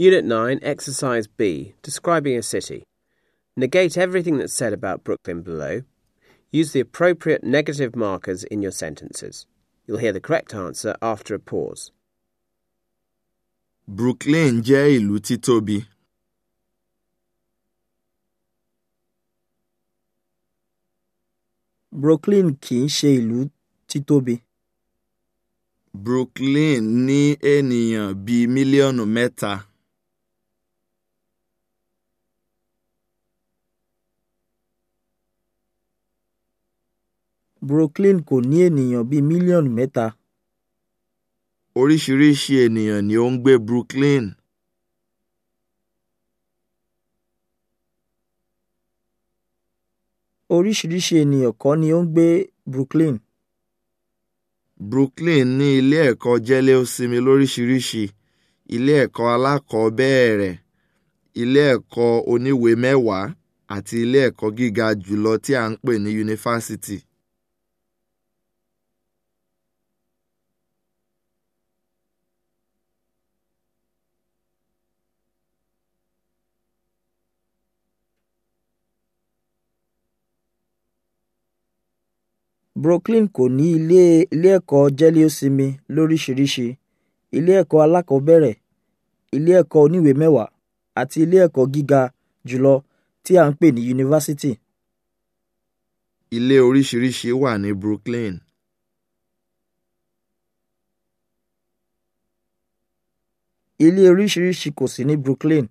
Unit 9, Exercise B, describing a city. Negate everything that's said about Brooklyn below. Use the appropriate negative markers in your sentences. You'll hear the correct answer after a pause. Brooklyn jẹ́ ìlú tí tóbi. Brooklyn kì í ṣe ìlú tóbi. Brooklyn ní ènìyàn bíi mílíọ̀nù mẹ́ta. Brooklyn kò ní ènìyàn bíi mílíọ̀nù mẹ́ta. Oríṣiríṣi ènìyàn ni ó ń gbé Brooklyn. Oríṣiríṣi ènìyàn kọ́ ni ó ń gbé Brooklyn. Brooklyn ní ilé ẹ̀kọ́ jẹ́lé-ósinmi lóríṣiríṣi, ilé ẹ̀kọ́ alákọ̀ọ́bẹ̀rẹ̀, ilé ẹ̀kọ́ oníwèé mẹ́wàá àti ilé ẹ̀kọ́ gíga jùlọ tí à ń pè ní yunifásítì. Brooklyn kò ní ilé-ẹ̀kọ́ jẹ́léósinmi lóríṣiríṣi, ilé-ẹ̀kọ́ alákọ̀ọ́bẹ̀rẹ̀, ilé-ẹ̀kọ́ oníìwé-mẹ́wàá àti ilé-ẹ̀kọ́ gíga jùlọ tí a ń pè ní yunifásítì. Ilé oríṣiríṣi wà ní Brooklyn. Ilé oríṣiríṣi kò sí ní Brooklyn.